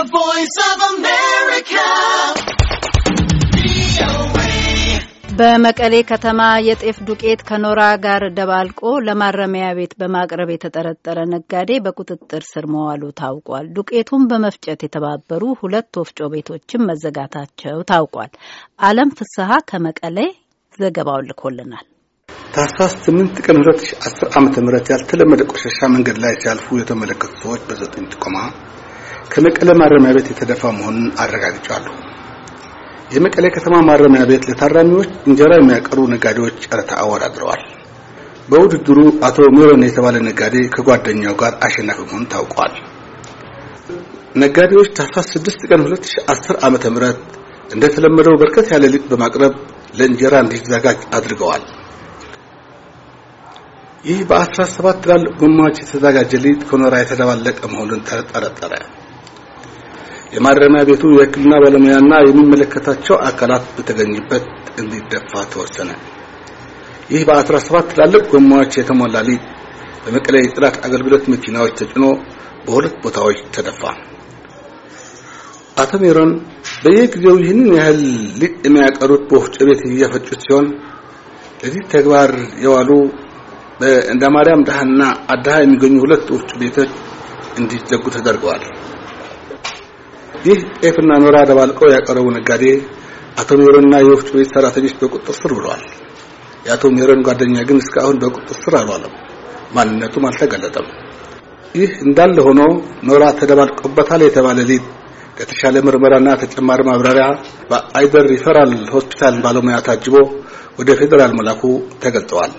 The Voice of America. በመቀሌ ከተማ የጤፍ ዱቄት ከኖራ ጋር ደባልቆ ለማረሚያ ቤት በማቅረብ የተጠረጠረ ነጋዴ በቁጥጥር ስር መዋሉ ታውቋል። ዱቄቱን በመፍጨት የተባበሩ ሁለት ወፍጮ ቤቶችን መዘጋታቸው ታውቋል። አለም ፍስሀ ከመቀሌ ዘገባውን ልኮልናል። ታህሳስ 8 ቀን 2010 ዓ.ም ያልተለመደ ቆሻሻ መንገድ ላይ ሲያልፉ የተመለከቱ ሰዎች በዘጠኝ ጥቆማ ከመቀለ ማረሚያ ቤት የተደፋ መሆኑን አረጋግጫለሁ። የመቀለ ከተማ ማረሚያ ቤት ለታራሚዎች እንጀራ የሚያቀርቡ ነጋዴዎች ጨረታ አወዳድረዋል። በውድድሩ አቶ ሚሮን የተባለ ነጋዴ ከጓደኛው ጋር አሸናፊ መሆኑ ታውቋል። ነጋዴዎች ታህሳስ 6 ቀን 2010 ዓ ም እንደተለመደው በርከት ያለ ሊጥ በማቅረብ ለእንጀራ እንዲዘጋጅ አድርገዋል። ይህ በ17 ትላልቅ ጎማዎች የተዘጋጀ ሊጥ ከኖራ የተደባለቀ መሆኑን ተጠረጠረ። የማረሚያ ቤቱ የሕክምና ባለሙያና የሚመለከታቸው አካላት በተገኙበት እንዲደፋ ተወሰነ። ይህ በ17 ትላልቅ ጎማዎች የተሞላ ሊጥ በመቀለ የጥራት አገልግሎት መኪናዎች ተጭኖ በሁለት ቦታዎች ተደፋ። አቶ ሜሮን በየጊዜው ይህንን ያህል ሊጥ የሚያቀሩት በወፍጮ ቤት እያፈጩት ሲሆን ለዚህ ተግባር የዋሉ እንደ ማርያም ዳህና አዳሃ የሚገኙ ሁለት ወፍጮ ቤቶች እንዲዘጉ ተደርገዋል። ይህ ጤፍና ኖራ ደባልቆ ያቀረቡ ነጋዴ አቶ ሜሮንና የወፍጮ ቤት ሰራተኞች በቁጥጥር ስር ውለዋል። የአቶ ሜሮን ጓደኛ ግን እስካሁን በቁጥጥር ስር አልዋለም፣ ማንነቱም አልተገለጠም። ይህ እንዳለ ሆኖ ኖራ ተደባልቆበታል የተባለ ሊጥ ለተሻለ ምርመራና ተጨማሪ ማብራሪያ በአይደር ሪፈራል ሆስፒታል ባለሙያ ታጅቦ ወደ ፌዴራል መላኩ ተገልጠዋል።